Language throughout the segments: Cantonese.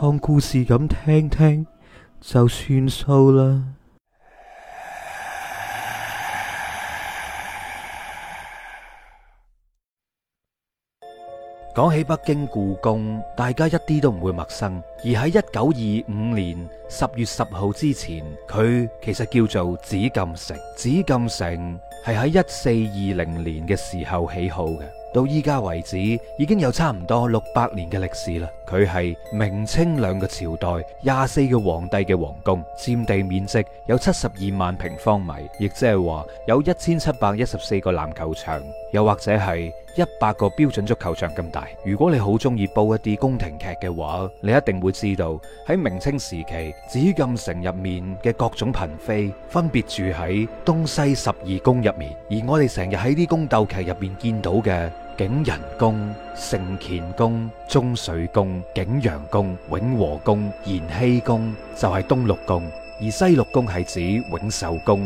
當故事咁聽聽就算數啦。講起北京故宮，大家一啲都唔會陌生。而喺一九二五年十月十號之前，佢其實叫做紫禁城。紫禁城係喺一四二零年嘅時候起好嘅。到依家為止，已經有差唔多六百年嘅歷史啦。佢係明清兩個朝代廿四個皇帝嘅皇宮，佔地面積有七十二萬平方米，亦即係話有一千七百一十四個籃球場，又或者係一百個標準足球場咁大。如果你好中意煲一啲宮廷劇嘅話，你一定會知道喺明清時期紫禁城入面嘅各種嬪妃，分別住喺東西十二宮入面。而我哋成日喺啲宮鬥劇入面見到嘅。景仁宮、承乾宮、中水宮、景陽宮、永和宮、延禧宮就係、是、東六宮，而西六宮係指永壽宮、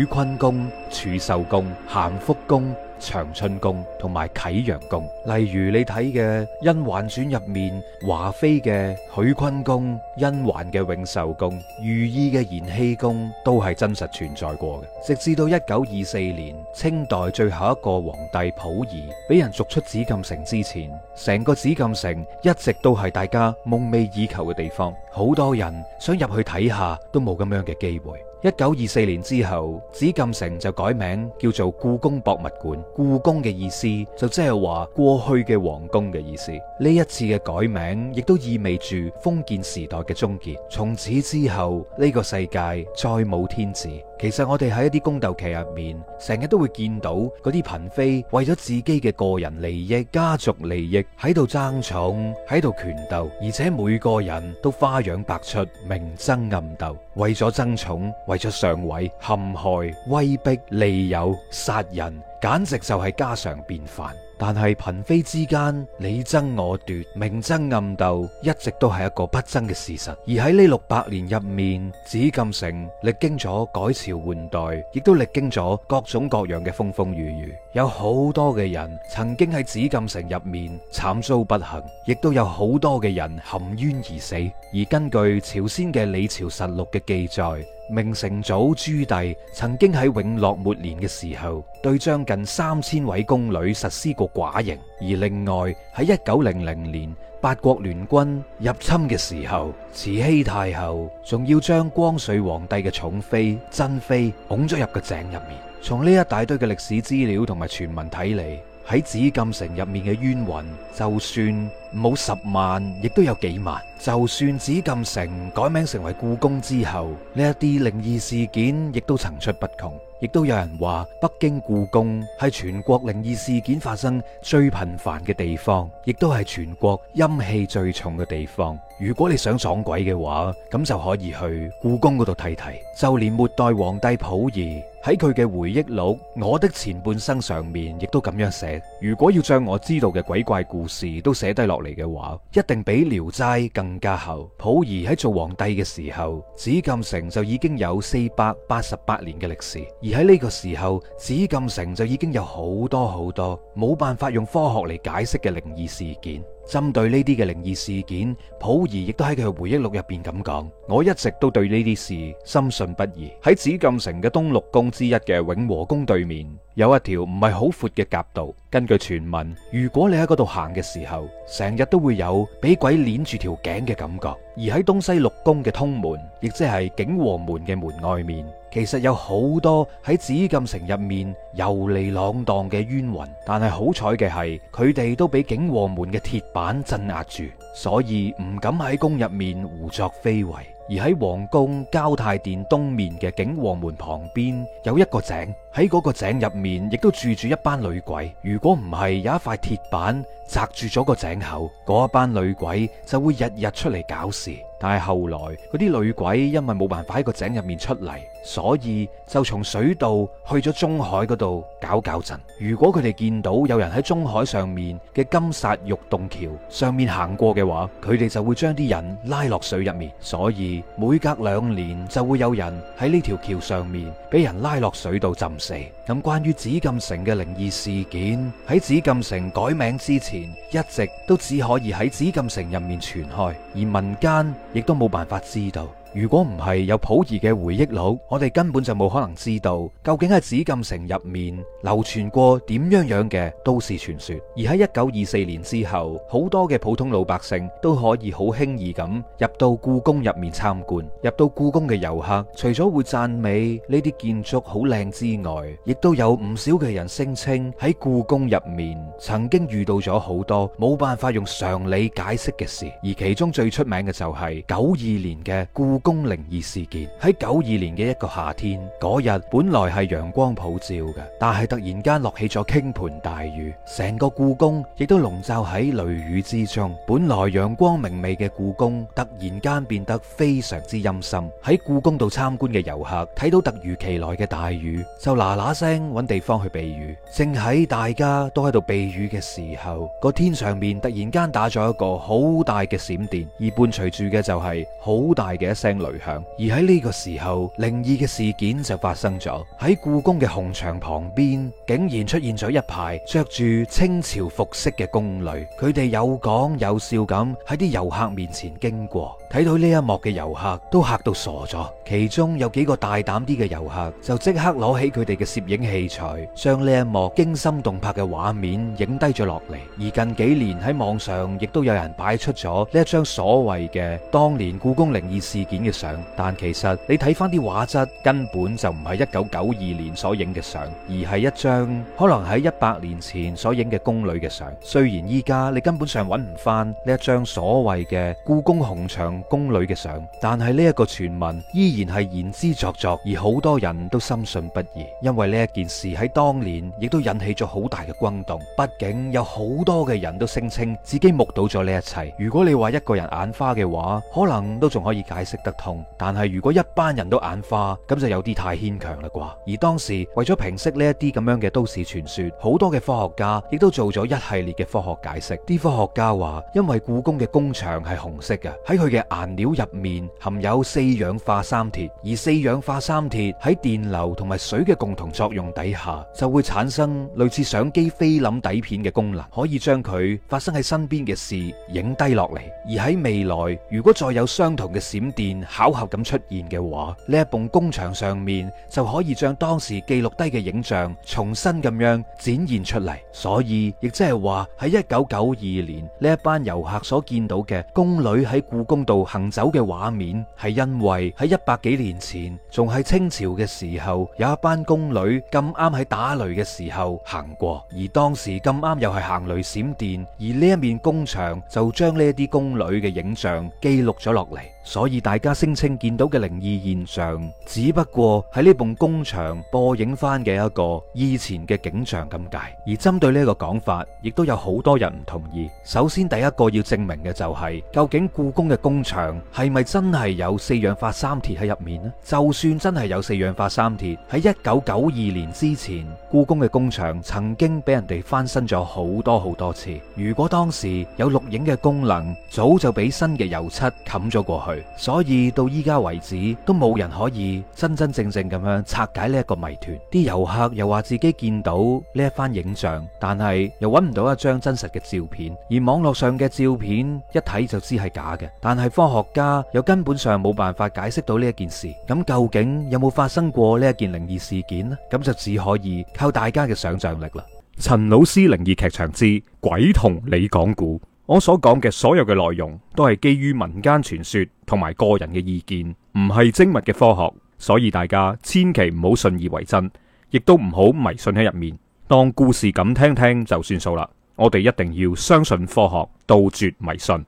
許坤宮、儲秀宮、咸福宮。長春宮同埋啟陽宮，例如你睇嘅《甄嬛傳》入面華妃嘅許坤宮、甄嬛嘅永壽宮、如懿嘅延禧宮，都係真實存在過嘅。直至到一九二四年，清代最後一個皇帝溥儀俾人逐出紫禁城之前，成個紫禁城一直都係大家夢寐以求嘅地方，好多人想入去睇下都冇咁樣嘅機會。一九二四年之後，紫禁城就改名叫做故宮博物館。故宮嘅意思就即係話過去嘅皇宮嘅意思。呢一次嘅改名，亦都意味住封建時代嘅終結。從此之後，呢個世界再冇天子。其實我哋喺一啲宮鬥劇入面，成日都會見到嗰啲嬪妃為咗自己嘅個人利益、家族利益喺度爭寵，喺度權鬥，而且每個人都花樣百出，明爭暗鬥，為咗爭寵。為咗上位、陷害、威逼、利誘、殺人，簡直就係家常便飯。但係嬪妃之間，你爭我奪、明爭暗鬥，一直都係一個不爭嘅事實。而喺呢六百年入面，紫禁城歷經咗改朝換代，亦都歷經咗各種各樣嘅風風雨雨。有好多嘅人曾經喺紫禁城入面慘遭不幸，亦都有好多嘅人含冤而死。而根據朝鮮嘅《李朝實錄》嘅記載，明成祖朱棣曾經喺永樂末年嘅時候，對將近三千位宮女實施過寡刑；而另外喺一九零零年八國聯軍入侵嘅時候，慈禧太后仲要將光緒皇帝嘅寵妃珍妃拱咗入個井入面。從呢一大堆嘅歷史資料同埋傳聞睇嚟，喺紫禁城入面嘅冤魂，就算冇十萬，亦都有幾萬。就算紫禁城改名成為故宮之後，呢一啲靈異事件亦都層出不窮。亦都有人話，北京故宮係全國靈異事件發生最頻繁嘅地方，亦都係全國陰氣最重嘅地方。如果你想撞鬼嘅話，咁就可以去故宮嗰度睇睇。就連末代皇帝溥儀，喺佢嘅回憶錄《我的前半生》上面，亦都咁樣寫：如果要將我知道嘅鬼怪故事都寫低落嚟嘅話，一定比《聊齋》更加厚。溥儀喺做皇帝嘅時候，紫禁城就已經有四百八十八年嘅歷史，而喺呢個時候，紫禁城就已經有好多好多冇辦法用科學嚟解釋嘅靈異事件。針對呢啲嘅靈異事件，溥儀亦都喺佢回憶錄入邊咁講，我一直都對呢啲事深信不疑。喺紫禁城嘅東六宮之一嘅永和宮對面。有一條唔係好闊嘅夾道，根據傳聞，如果你喺嗰度行嘅時候，成日都會有俾鬼鏈住條頸嘅感覺。而喺東西六宮嘅通門，亦即係景和門嘅門外面，其實有好多喺紫禁城入面游離浪蕩嘅冤魂，但係好彩嘅係，佢哋都俾景和門嘅鐵板鎮壓住。所以唔敢喺宮入面胡作非為，而喺皇宮交泰殿東面嘅景和門旁邊有一個井，喺嗰個井入面亦都住住一班女鬼。如果唔係，有一塊鐵板。擲住咗個井口，嗰一班女鬼就會日日出嚟搞事。但係後來嗰啲女鬼因為冇辦法喺個井入面出嚟，所以就從水道去咗中海嗰度搞搞震。如果佢哋見到有人喺中海上面嘅金沙玉洞橋上面行過嘅話，佢哋就會將啲人拉落水入面。所以每隔兩年就會有人喺呢條橋上面俾人拉落水度浸死。咁關於紫禁城嘅靈異事件，喺紫禁城改名之前，一直都只可以喺紫禁城入面傳開，而民間亦都冇辦法知道。如果唔係有溥儀嘅回憶錄，我哋根本就冇可能知道究竟喺紫禁城入面流傳過點樣樣嘅都市傳說。而喺一九二四年之後，好多嘅普通老百姓都可以好輕易咁入到故宮入面參觀。入到故宮嘅遊客，除咗會讚美呢啲建築好靚之外，亦都有唔少嘅人聲稱喺故宮入面曾經遇到咗好多冇辦法用常理解釋嘅事。而其中最出名嘅就係九二年嘅故。宮靈異事件。喺九二年嘅一個夏天，嗰日本來係陽光普照嘅，但係突然間落起咗傾盆大雨，成個故宮亦都籠罩喺雷雨之中。本來陽光明媚嘅故宮，突然間變得非常之陰森。喺故宮度參觀嘅遊客睇到突如其來嘅大雨，就嗱嗱聲揾地方去避雨。正喺大家都喺度避雨嘅時候，個天上面突然間打咗一個好大嘅閃電，而伴隨住嘅就係好大嘅一聲。雷響，而喺呢個時候，靈異嘅事件就發生咗。喺故宮嘅紅牆旁邊，竟然出現咗一排着住清朝服飾嘅宮女，佢哋有講有笑咁喺啲遊客面前經過。睇到呢一幕嘅遊客都嚇到傻咗，其中有幾個大膽啲嘅遊客就即刻攞起佢哋嘅攝影器材，將呢一幕驚心動魄嘅畫面影低咗落嚟。而近幾年喺網上亦都有人擺出咗呢一張所謂嘅當年故宮靈異事件嘅相，但其實你睇翻啲畫質根本就唔係一九九二年所影嘅相，而係一張可能喺一百年前所影嘅宮女嘅相。雖然依家你根本上揾唔翻呢一張所謂嘅故宮紅牆宮女嘅相，但係呢一個傳聞依然係言之鑿鑿，而好多人都深信不疑。因為呢一件事喺當年亦都引起咗好大嘅轟動，畢竟有好多嘅人都聲稱自己目睹咗呢一切。如果你話一個人眼花嘅話，可能都仲可以解釋得通。但係如果一班人都眼花，咁就有啲太牽強啦啩。而當時為咗平息呢一啲咁樣嘅都市傳說，好多嘅科學家亦都做咗一系列嘅科學解釋。啲科學家話，因為故宮嘅宮牆係紅色嘅，喺佢嘅。顏料入面含有四氧化三鐵，而四氧化三鐵喺電流同埋水嘅共同作用底下，就會產生類似相機菲林底片嘅功能，可以將佢發生喺身邊嘅事影低落嚟。而喺未來，如果再有相同嘅閃電巧合咁出現嘅話，呢一埲宮牆上面就可以將當時記錄低嘅影像重新咁樣展現出嚟。所以，亦即係話喺一九九二年呢一班遊客所見到嘅宮女喺故宮度。行走嘅畫面係因為喺一百幾年前，仲係清朝嘅時候，有一班宮女咁啱喺打雷嘅時候行過，而當時咁啱又係行雷閃電，而呢一面宮牆就將呢一啲宮女嘅影像記錄咗落嚟，所以大家聲稱見到嘅靈異現象，只不過喺呢埲宮牆播映翻嘅一個以前嘅景象咁解。而針對呢個講法，亦都有好多人唔同意。首先第一個要證明嘅就係、是、究竟故宮嘅工場係咪真係有四氧化三鐵喺入面呢？就算真係有四氧化三鐵，喺一九九二年之前，故宮嘅宮牆曾經俾人哋翻新咗好多好多次。如果當時有錄影嘅功能，早就俾新嘅油漆冚咗過去。所以到依家為止，都冇人可以真真正正咁樣拆解呢一個謎團。啲遊客又話自己見到呢一番影像，但係又揾唔到一張真實嘅照片，而網絡上嘅照片一睇就知係假嘅。但係，科學家又根本上冇辦法解釋到呢一件事，咁究竟有冇發生過呢一件靈異事件呢？咁就只可以靠大家嘅想象力啦。陳老師靈異劇場之「鬼同你講古」，我所講嘅所有嘅內容都係基於民間傳說同埋個人嘅意見，唔係精密嘅科學，所以大家千祈唔好信以為真，亦都唔好迷信喺入面，當故事咁聽聽就算數啦。我哋一定要相信科學，杜絕迷信。